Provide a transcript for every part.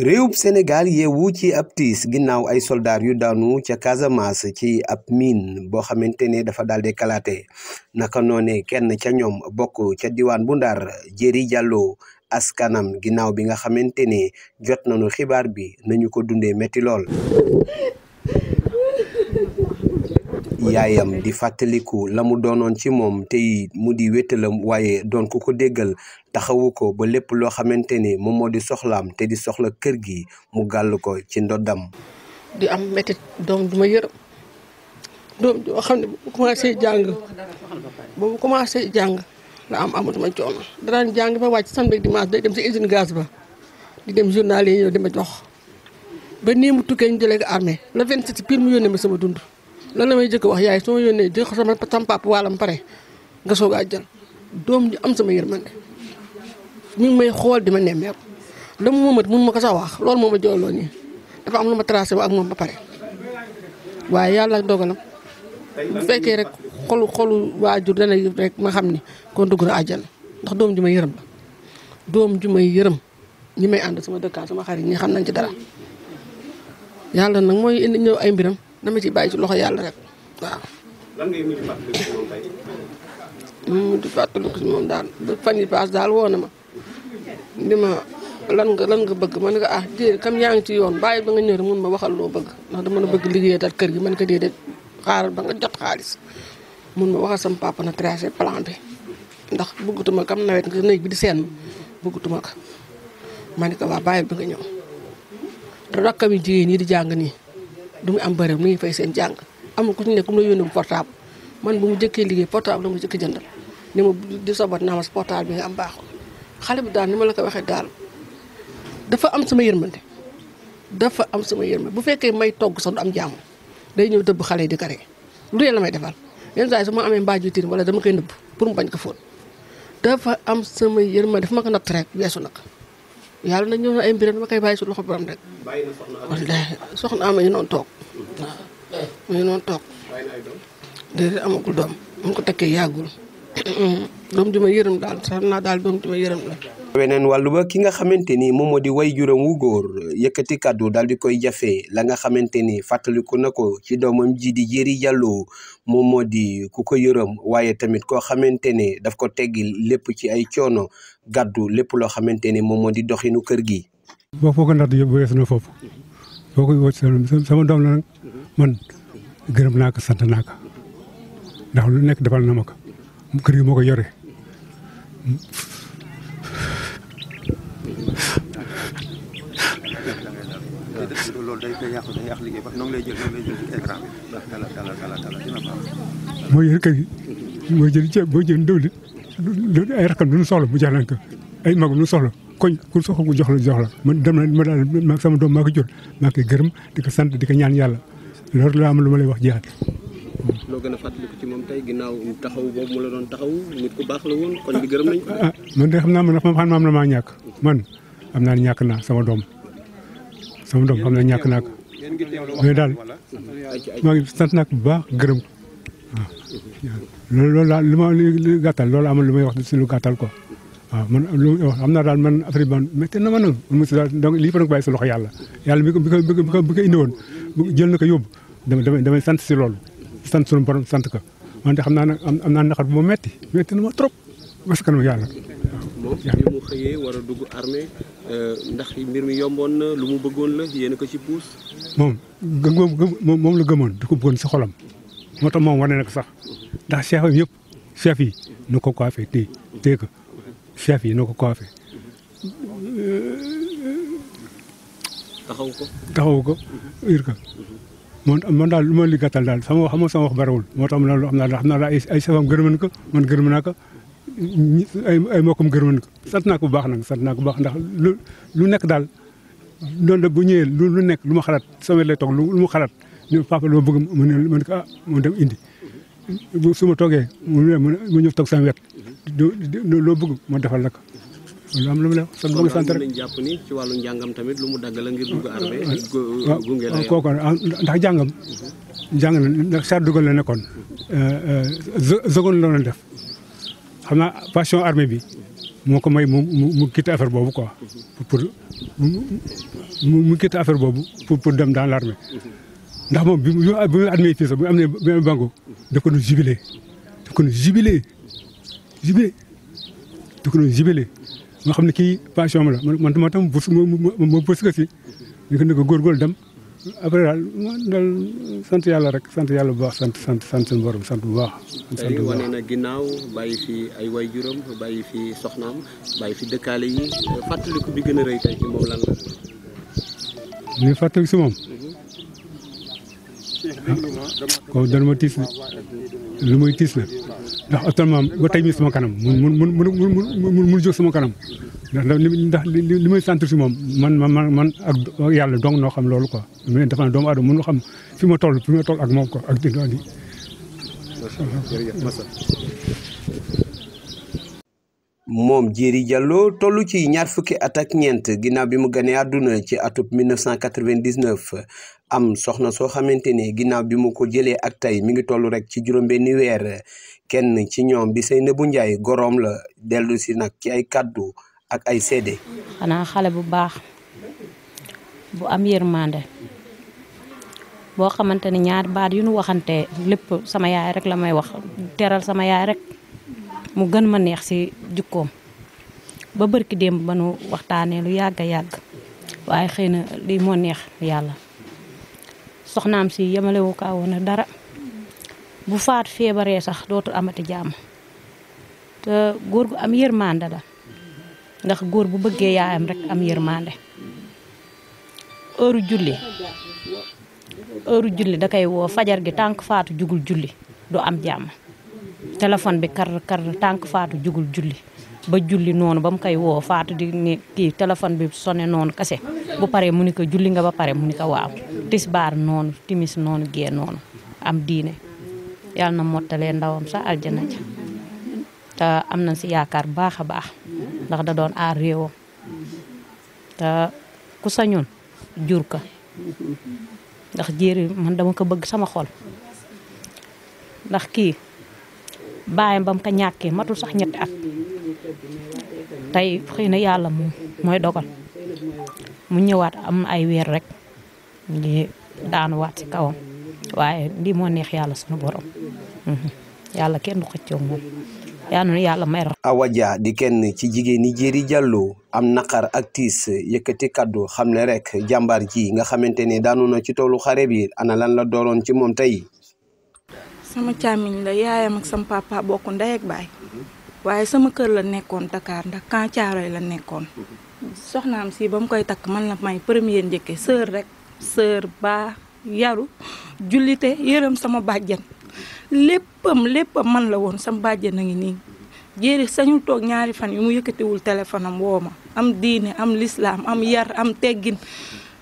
réewub Sénégal yeewu ci ab tiis ginnaaw ay soldaar yu daanu ca Casamance ci ab mine boo xamante ne dafa daal di kalaate naka noone kenn ca ñoom bokk ca diwaan bu Ndar Jéri Jàlloo askanam ginnaaw bi nga xamante ne jot nañu xibaar bi nañu ko dundee métti yaayam di fàttaliku lamu mu doonoon ci moom tey mu di wéttalam waaye doon ku ko déggal taxawu ko ba lépp loo xamante ni moom moo di soxlaam te di soxla kër gi mu gàll ko ci ndoddam di am métit doom du ma yërëm doom joo xam ne bu la am amatuma coono daraan jàng ba wàcc samedi ak dimanche ba di dem yi ñëw di ma jox ba nii mu tukkee ñu jëlee ko armée le 27 pile mu yónnee ma sama dund loolu la may jëkk wax yaay su ma yónnee di sama sama papa ma pare nga soog a jël doom ji am sama yërmande mi ngi may xool di ma nemmeeku dama moomat mun ma ko sax wax loolu moo ma jooloo nii dafa am lu ma tracé ak moom ba pare waaye yàlla dogalam bu fekkee rek xolu xolu waajur dana rek ma xam ni kon dugg na àjjana ndax doom ji may yërëm la doom ju may yërëm ñi may ànd sama dëkkaat sama xarit ñi xam nañ ci dara yàlla nag mooy indi ñëw ay mbiram dama ci bàyyi ci loxo yàlla rek waaw. Nah. lan ngay mujj fàttaliku si moom tey. mu mujj fàttaliku si moom daal ba fan yi paas daal woo na ma ni ma lan nga lan nga bëgg ma ne ko ah déedéet kam yaa ngi ci yoon bàyyi ba nga ñëw rek mun ma waxal loo bëgg ndax dama la bëgg liggéey dal kër gi man ko déedéet xaaral ba nga jot xaalis mun ma waxal sama papa na tracé plan bi ndax bëggatuma kam nawet nga néeg bi di seen bëggatuma ko ma ne ko waa bàyyi ba nga ñëw rakkami rakkam yi di jàng nii du ñu am bëri mu ngi fay seen jàng amul ku ci ne ku mu bu yónni man bu mu jëkkee liggéey portable la mu jëkk jëndal ni ma di sobat naa ma portable bi nga am baaxul xale bi daal ni ma la ko waxee daal dafa am sama yërmande dafa am sama yërmande bu fekkee may togg sax am jàmm day ñëw dëbb xale yi di kare lu yee la may defal yenn saa yi ma amee mbaaju tin wala dama koy nëbb pour mu bañ ko fóot dafa am sama yërmande dafa ma ko nag rek weesu nag yàlla nañ ñëw ay mbiram dama kay bàyyi su loxo borom rek. bàyyi na soxna am wallaahi soxna am ñu noonu toog. waaw mu ngi noonu toog. bàyyi na ay doom. mu ko takkee yàggul. doom ju ma yërëm daal sax naa daal doom ju ma yërëm la. weneen wàllu ba ki nga xamante ni moom moo di way juróom wu góor yëkkati kàddu daal di koy jafe la nga xamante ni fàttaliku na ko ci doomam ji di Jéri Jàllo moom moo di ku ko yërëm waaye tamit koo xamante ne daf ko teggil lépp ci ay coono gàddu lépp loo xamante ni moom moo di doxinu kër gi. boo foog ndax di weesu na foofu boo ko sama doom la man gërëm naa ko sant naa ndax lu nekk defal na ma ko kër gi moo ko yore. loolu day day yàqu day yàq liggéey ba noonu lay jël noonu lay jël ci écran bi dala dala dala dala dina baax moo yor kër gi jël ceeb moo jël dëwlin loolu ay rakam duñu soxla mu jox ko ay magam duñu soxla koñ ku soxla mu jox la jox la man dem na ma daal ma sama doom maa ko jur maa koy gërëm di ko di ko ñaan yàlla loolu laa am lu ma lay wax jeexat loo gën a fàttaliku ci moom tey ginnaaw taxaw boobu mu la doon taxaw nit ku baax la woon koñ bi gërëm nañ ko ah, ah, man de xam man xam naa am na maa man am naa na sama dom. sama doom xam ne ñàkk naa ko mais daal maa ngi sant nag ko bu baax gërëm ko waaw loolu daal li ma li gàttal loolu am lu may wax si lu gàttal ko waaw man lu wax xam naa daal man affaire bi métti na ma mu mosu daal donc lii fa nag bàyyi si loxo yàlla yàlla bi ko bi ko bi ko indi woon jël na ko yóbbu damay damay damay sant si loolu sant sunu borom sant ka man de xam naa nag am naa naqar bu ma métti métti na ma trop parce que kanam yàlla Euh, ndax mbir mi yomboon na lu mu bëggoon la yéen ko ci puus. moom gëm moom la gëmoon di ko bëggoon si xolam moo tax moom wane na ko sax ndax chef am yëpp chef yi nu ko coiffé téye téye ko chef yi nu ko coiffé. taxaw ko taxaw ko ir ko. moom daal lu ma li gàttal daal sama wax xam sama wax bariwul moo tax ma ne lu xam naa daal ay ay chefam ko man gërëm ko. ay mokkum gërëmoon ko sant naa ko bu baax nag sant naa ko bu baax ndax lu lu nekk daal loolu la bu ñëwee lu lu nekk lu ma sama lay toog lu mu xalaat ñu papa lu bëgg mu ne ma ne ah, mu dem indi bu su ma mu ne mu ñëw toog sama wet loo bëgg ma defal la lu am lu la sant ba sant rek kon ni ci tamit lu mu daggal ngir dugg la ah, ndax mhm. na ndax la euh, euh, zogon la def xam naa passion armée bi moo ko may mu mu quitté affaire boobu quoi pour mu quitté affaire boobu pour pour dem dans l' ndax moom bi mu bi mu admis fii sax bu am ne bi mu bango da ko nu da ko nu jubilé jubilé da ko nu jubilé xam ne kii passion am la man man tam ma bourse ko si ñu ko ne ko góorgóorlu dem après daal daal sant yàlla rek sant yàlla bu baax sant sant sant suñu borom sant bu baax. sant bu baax wane na ginnaaw bàyyi fi ay waajuram bàyyi fi soxnaam bàyyi fi dëkkaale yi fàttaliku bi gën a rëy tey ci moom lan la. li fàttaliku si moom. kaw dana ma tiis lu muy tiis la ndax actuellement ba tey mi sama kanam mun mun mun mun mun jóg sama kanam. ndax li muy centre si moom man man man ak yàlla dong noo xam loolu quoi mais dafa doomu aadama mënu xam fi ma toll fi ma ci ñaar fukki at ak ñeent bi mu àdduna ci atub 1999 am soxna soo xamante ne ginnaaw bi mu ko jëlee ak tey mi ngi toll rek ci juróom-benni weer kenn ci ñoom bu goroom la dellu si nag ci ay kàddu ak ay seede. xana xalé bu baax bu am yermande bo xamanteni ni baat yu nu waxante lepp sama yaay rek la may wax teral sama yaay rek mu gën ma neex ci jukkom ba barki dem ba nu waxtane lu yagga a waye xeyna li mo ya neex yalla soxnam si yamale wu ka wona dara bu faat febaré sax dootul amati jamm te gorgu am yermande la ndax goor bu bëggee yaayam rek am yërmande heure julli heure julli da kay wo fajar gi tank faatu jugul julli Do am jam. téléphone bi kar kar tank faatu jugul julli ba julli non. bam kay wo faatu di ni ki téléphone bi sone non kase bu paré munika julli nga ba pare munika wa ko waaw tisbaar timis non ge non am diine yalla na mottalee ndawam sa aljana ja ta am na si kar baax a ndax da doon aar réewam te ku sañul jur ka ndax jéeri man dama ko bëgg sama xol ndax kii bàyyam bam ko ñàkkee matul sax ñetti at tey xëy na yàlla moom mooy dogal mu ñëwaat am ay weer rek ngi daanuwaat ci kawam waaye lii moo neex yàlla sunu borom mhm. yàlla kenn du xëccoo moom yanu ni yalla may awaja di kenn ci jigeen ni jeri jallo am nakar ak tis yekati kaddu xamne rek jambar ji nga xamanteni daanu na ci tolu xare bi ana lan la doron ci mom tay sama càmmiñ la yaayam ak sama papa bokku nday ak bay waye sama keur la nekkon Dakar ndax kan tiaroy la nekkoon soxnaam si bam koy tak man la may premier njëkke sœur rek sœur ba yaru julité yërëm sama bajjan léppam léppam man la woon sam bàjje na ngi nii jéeri sañul toog ñaari fan yu mu yëkkatiwul téléphone am woo ma am diine am lislaam am yar am teggin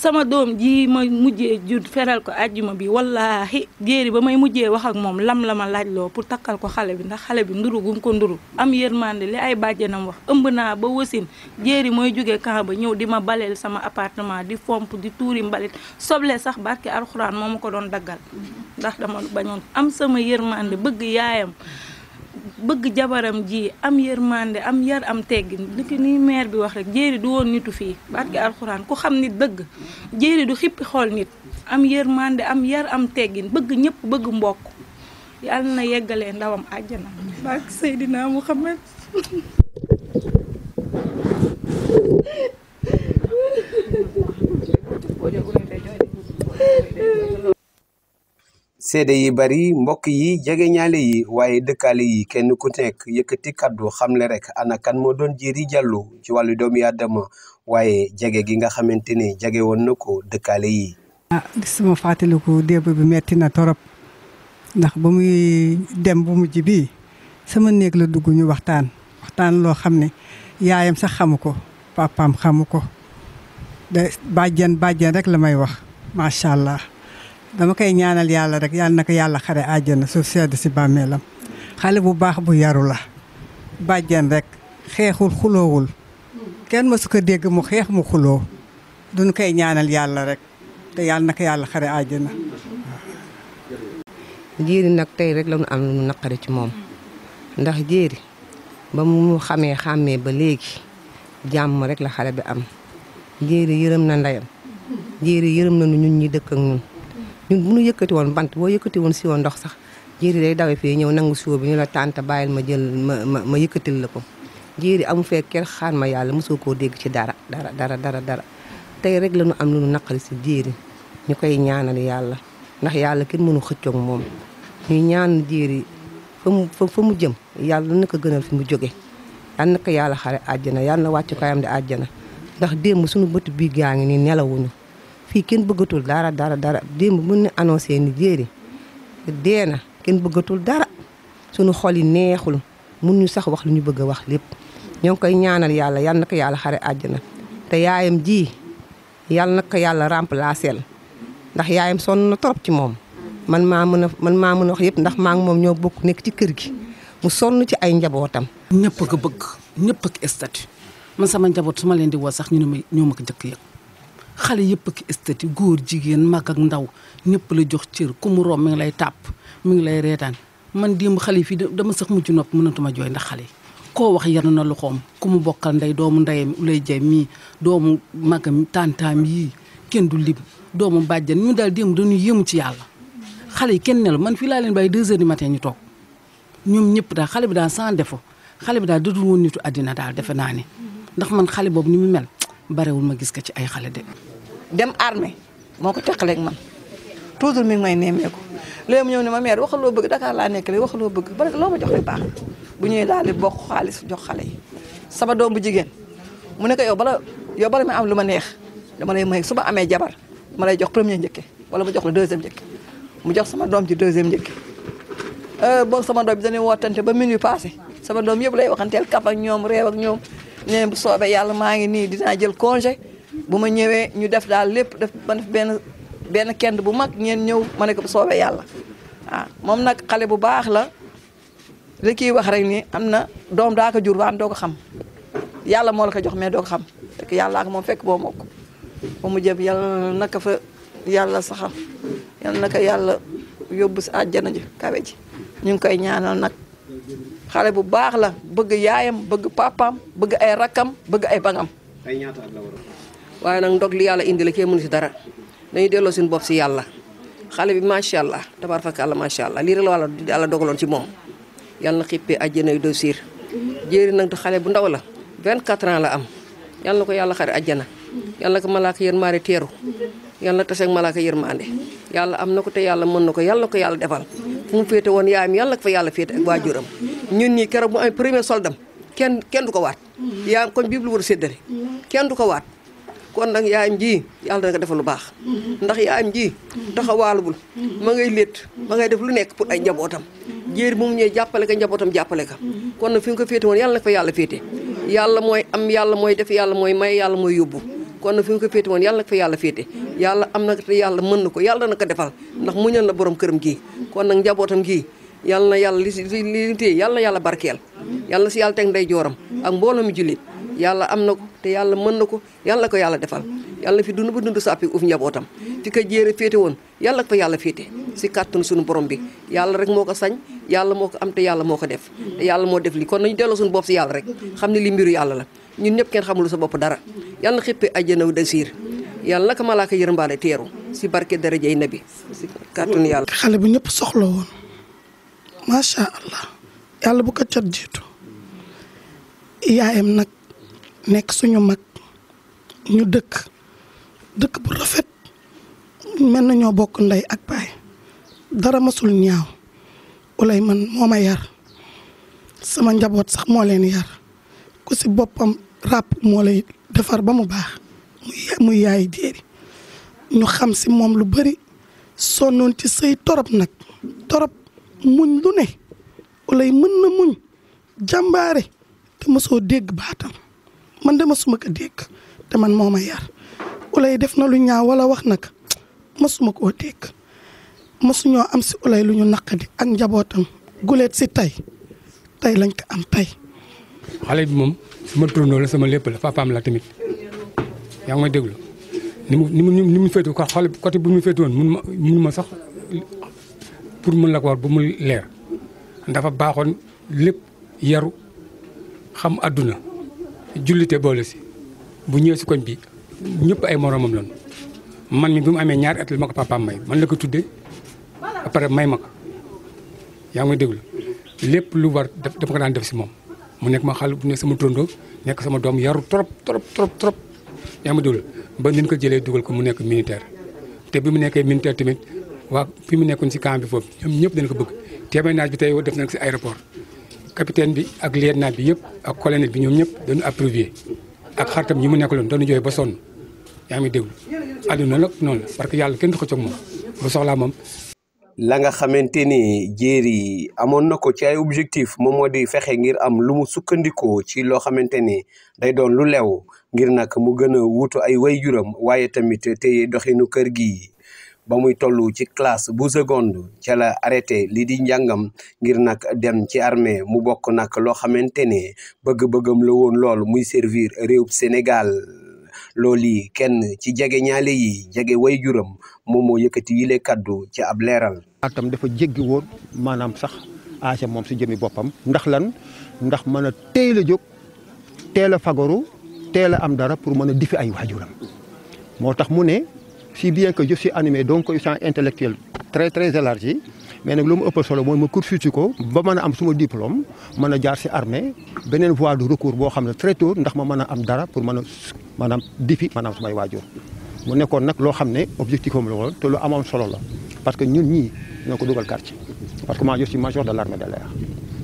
sama doom ji ma mujjee jur feral ko àjjuma bi wallaahi jéeri ba may mujjee wax ak moom lam la ma laaj loo pour takkal ko xale bi ndax xale bi nduru gum ko nduru am yërmande li ay bàjjanam wax ëmb naa ba wasin jéeri mooy jóge camp ba ñëw di ma baleel sama appartement di fomp di tuuri mbalit soble sax barke alxuraan moom ma ko doon daggal ndax dama bañoon am sama yërmande bëgg yaayam bëgg jabaram ji am yermande am yar am teggin niki ni mer bi wax rek jéeri du won nitu fi barki alxuraan ku xam nit dëgg jéeri du xippi xol nit am yermande am yar am teggin bëgg ñëpp bëgg mbokk yalla na yeggalee ndawam aljana barke sayidina Muhammad seede yi bari mbokk yi jege ñaale yi waaye dëkkaale yi kenn ku nekk yëkkati kaddu xamle rek ana moo doon Diery Diallo ci wàllu doom aadama waaye jege gi nga xamante ni jege woon na ko dëkkaale yi. ah sama fàttaliku bi metti na torop ndax ba muy dem bu mujj bii sama néeg la dugg ñu waxtaan waxtaan loo xam ne yaayam sax xamu ko papaam xamu ko de bàjjen rek la may wax macha allah. dama koy ñaanal yàlla rek yàlla na ko yàlla xare àjjana su sedd si bàmmeelam xale bu baax bu yaru la bàjjen rekk xeexul xuloowul kenn su ko dégg mu xeex mu xuloo duñ koy ñaanal yàlla rek te yàlla na ko yàlla xare àjjana jéeri nag tey rek la ñu am lu naqari ci moom ndax jéeri ba mu xamee xàmmee ba léegi jàmm rek la xale bi am jéeri yërëm na ndeyam jéeri yërëm na nu ñun ñi dëkk ak ñun ñun bu ñu yëkkati woon bant boo yëkkati woon siwo ndox sax jéeri day dawe fii ñëw nangu siwo bi ñu la tànta bàyyil ma jël ma ma ma yëkkatil la ko jéeri amu fee kenn xaan ma yàlla mosoo koo dégg ci dara dara dara dara dara tey rek la ñu am lu ñu naqari si jéeri ñu koy ñaanal yàlla ndax yàlla kenn mënu xëccoog moom ñuy ñaan jéeri fa mu mu jëm yàlla na ko gënal fi mu jóge yàlla na ko yàlla xare àjjana yàlla na wàccu kaayam di àjjana ndax démb suñu bët bii gaa ngi nii nelawuñu fii kenn bëggatul dara dara dara démb mën na annoncé ni jéeri dee na kenn bëggatul dara sunu xol yi neexul mun ñu sax wax lu ñu bëgg a wax lépp ñoo ngi koy ñaanal yàlla yal na ko yàlla xare àjjana te yaayam ji yal na ko yàlla remplacé ndax yaayam sonn na trop ci moom man maa mën a man maa mën a wax yëpp ndax maa ngi moom ñoo bokk nekk ci kër gi mu sonn ci ay njabootam. ñëpp a ko bëgg ñëpp ak statut man sama njaboot su ma leen di woo sax ñu ne ma ñoo ma ko njëkk yëg xale yëpp ki estati góor jigéen mag ak ndaw ñëpp la jox cër ku mu rom mi ngi lay tàpp mu ngi lay reetaan man démb xale fii dama sax mujj nopp mënatuma jooy ndax koo wax yar na lu xoom ku mu bokkal ndey doomu ndeyam ulay jay mii doomu magam tantaam yii kenn du lim doomu bàjjan ñu daal démb dañuy yéemu ci yàlla xale yi kenn nelu man fii laa leen bàyyi deux heures du ñu toog ñoom ñëpp daal xale bi daal sans défaut xale bi daal dëdul woon nitu àddina daal defe naa ne ndax man xale boobu ni mu mel barewul ma gis ko ci ay xale de dem armée moo ko teqaleeg man toujours mi ngi may nemmeeku léegi mu ñëw ne ma mère waxal loo bëgg Dakar laa nekk léegi waxal loo bëgg ba loo ma jox rek baax bu ñuy daal di bokk xaalis jox xale yi. sama doom bu jigéen mu ne yow bala yow bala ma am lu ma neex dama lay may su ma amee jabar ma lay jox premier njëkke wala ma jox la deuxième mu jox sama doom ji deuxième njëkke heure boobu sama doom bi dañuy wootante ba minuit passé sama doom yëpp lay waxanteel kaf ak ñoom réew ak ñoom ne bu soobee yàlla maa ngi nii dinaa jël congé. bu ma ñëwee ñu def daal lépp def ma def benn benn kend bu mag ñeen ñëw ma ne ko soobee yàlla waaw ah, moom nag xale bu baax la li kiy wax rek ni am na doom daa ko jur ba am doo ko xam yàlla moo la ko jox mais doo xam fekk yàllaa ko moom fekk boo mokk ba mu jëm yàlla naka fa yàlla saxal yàlla naka yàlla yóbbu si àjjana ji kawe ñu ngi koy ñaanal nag xale bu baax la bëgg yaayam bëgg papaam bëgg ay rakkam bëgg ay bangam. ay ñaata waaye nag ndog li yàlla indi la kee mënu si dara dañuy delloo seen bopp si yàlla xale bi macha allah tabaar fakk àlla macha allah lii rek la wàlla yàlla dogloon ci moom yàlla na xippee àjjana yu doo siir jéeri nag xale bu ndaw la 24 ans la am yàlla ko yàlla xare àjjana yàlla na ko malaaka yërmaande teeru yàlla na taseeg malaaka yërmaande yàlla am na ko te yàlla mën na ko yàlla ko yàlla defal fu mu féete woon yaayam yàlla ko fa yàlla féete ak waajuram ñun ñii keroog bu amee premier soldam kenn kenn du ko waat yaa koñ biib lu war a séddale kenn du ko waat kon nag yaayam ji yàlla na ko defal lu baax ndax yaayam ji taxawaalugul ma ngay létt ma ngay def lu nekk pour ay njabootam jéer bu mu ñëwee jàppale ko njabootam jàppale ka kon nag fi nga ko féete woon yàlla na fa yàlla féete yàlla mooy am yàlla mooy def yàlla mooy may yàlla mooy yóbbu kon nag fi nga ko féete yàlla na fa yàlla féete yàlla am na te yàlla mën ko yàlla na ko defal ndax muñal na borom këram gii kon nag njabootam gii yàlla na yàlla li si li téye yàlla na yàlla barkeel yàlla si yàlla teg ndey jooram ak mbooloo mi jullit yàlla am na ko te yàlla mën na ko yàlla ko yàlla defal yàlla fi dund ba dund sàppi uf njabootam fi ko jéere féete woon yàlla ko yàlla féete si kàttanu sunu borom bi yàlla rek moo ko sañ yàlla moo ko am te yàlla moo ko def te yàlla moo def li kon nañu delloo suñu bopp si yàlla rek xam ne li mbiru yàlla la ñun ñëpp kenn xamul sa bopp dara yàlla na xippi de dasiir yàlla na ko malaaka yërëmbaale teeru si barke darajay bi si kàttanu yàlla xale bi ñëpp soxla woon macha nekk suñu mag ñu dëkk dëkk bu rafet mel ñoo bokk ndey ak baay dara masul ñaaw ulay man moo ma yar sama njaboot sax moo leen yar ku si boppam ràpp moo lay defar ba mu baax muy yaay jéeri ñu xam si moom lu bari noon ci sëy torop nag torop muñ lu ne ulay mën na muñ jàmbaare te mosoo dégg baatam man dama suma ko dégg te man moo ma yar ulay def na lu ñaaw walla wax nag masuma koo dégg masuñoo am si ulay lu ñu naqadi ak njabootam guleet si tey tey lañ ko am tey. xale bi moom suma turandoo la sama lépp la papaam la tamit yaa ngi may déglu ni mu ni mu ni mu féetee ko xale côté bu mu féetee woon mun ma ñu ma sax pour mun la ko war bu mu leer dafa baaxoon lépp yaru xam àdduna. jullite boole si bu ñëwee si koñ bi ñëpp ay moromam lañu man mi bi mu amee ñaar at la ma ko papaam may man la ko tuddee après may ma ko yaa ngi déglu lépp lu war dafa ko daan def si moom mu nekk ma xal bu nekk sama turandoo nekk sama doom yaru trop trop trop trop yaa ngi déglu ba ni ko jëlee dugal ko mu nekk militaire te bi mu nekkee militaire tamit waa fi mu nekkoon si camp bi foofu ñëpp dañ ko bëgg témoignage bi tey def nañ ko si aéroport capitaine bi ak lieutenant bi yëpp ak colonel bi ñoom ñëpp dañu approuvé ak xaritam ñi mu nekkaloon doon jooy ba sonn yaa ngi déglu àdduna nag noonu la parce que yàlla kenn du ko coog moom soxlaa moom. la nga xamante ni jéeri amoon na ko ci ay objectif moom moo di fexe ngir am lu mu sukkandikoo ci loo xamante ni day doon lu leew ngir nag mu gën a wuutu ay way juróom waaye tamit tey doxinu kër gi. ba muy tollu ci classe bu seconde ci la arrêté li di njangam ngir nak dem ci armée mu bok nak lo xamantene ne bëgg-bëggam la woon lool muy servir réew Sénégal loli kenn ci jégué ñaalé yi jégué way juram moom yëkëti yi lé kaddu ci ab léral atam dafa jéggi woon manam sax aase mom ci jëmi bopam ndax lan ndax mëna a teel fagaru am dara pour mëna difi ay wajuram motax mu né si bien que je suis animé donc champ intellectuel très très élargi mais nak lu mu ëppal solo moy ma cursuti ko ba mën am suma diplôme mën a jaar si armée benen voie de recours bo xam très tôt ndax ma mën am dara pour mën manam maanaam difi maanaam sumay waajur mu nekkoon nak lo xam objectif am la to te lu amoon solo la parce que ñun ñi ñoo ko quartier parce que moi je suis major de l'armée de l'air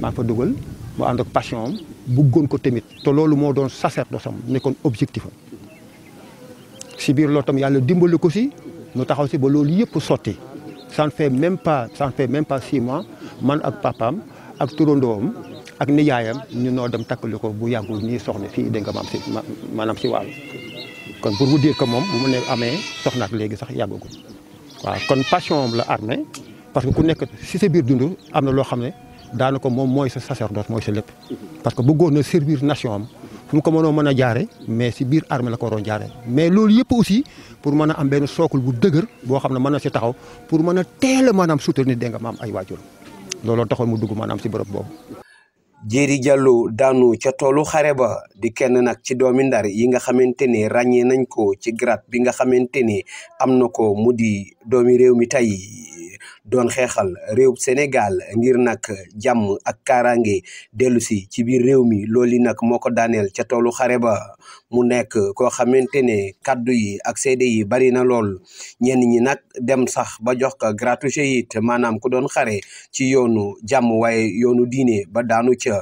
ma fa dugal mu ànd ak passion bu bëggoon ko tamit te loolu moo doon sacerdoce am nekkoon objectif am si bir loolu yalla yàlla dimbali ko si nu taxaw si ba loolu yëpp sotti ça ne fait même pas ça ne fait même pas six mois man ak papam ak turandoom ak nijaayam ñu noo dem takkali bu yàggul ni soxna fii dégg nga maam si maanaam si wàllu kon pour vous dire que moom bu mu ne amee soxna ak léegi sax yàggagul waaw kon passion am la armée parce que ku nekk si sa biir dund am na loo xam ne daanaka moom mooy sa sacerdoce mooy sa lépp parce que bëggoon na servir nation am fu mu ko mënoo mën a jaare mais si biir armée la ko waroon jaare mais loolu yëpp aussi pour mën a am benn sookul bu dëgër boo xam ne mën na si taxaw pour mën a teel a maanaam soutenir dégg nga maam ay waajur looloo taxoon mu dugg maanaam si bërëb boobu Jéeri Diallo daanu ca toolu xare ba di kenn nag ci doomi Ndar yi nga xamante ni ràññee nañ ko ci grade bi nga xamante ni am na ko mu di doomi réew mi tey yi doon xeexal réew Sénégal ngir nag jàmm ak kaaraange dellu si ci biir réew mi loolu nag moo ko daaneel ca toolu xare ba mu nekk koo xamante ne kaddu yi ak seede yi bari na lool ñenn ñi nag dem sax ba jox ko gratuite maanaam ku doon xare ci yoonu jàmm waaye yoonu diine ba daanu ca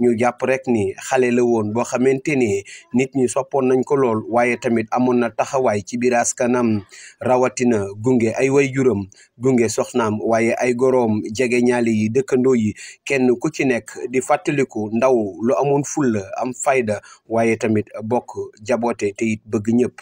ñu jàpp rek ni xale la woon boo xamante ne nit ñi soppoon nañ ko lool waaye tamit amoon na taxawaay ci biir askanam rawatina gunge ay way juram gunge gunge soxnaam waaye ay goroom jege ñaali yi dëkkandoo yi kenn ku ci nekk di fàttaliku ndaw lu amoon fulla am fayda waaye tamit bokk jaboote te it bëgg ñëpp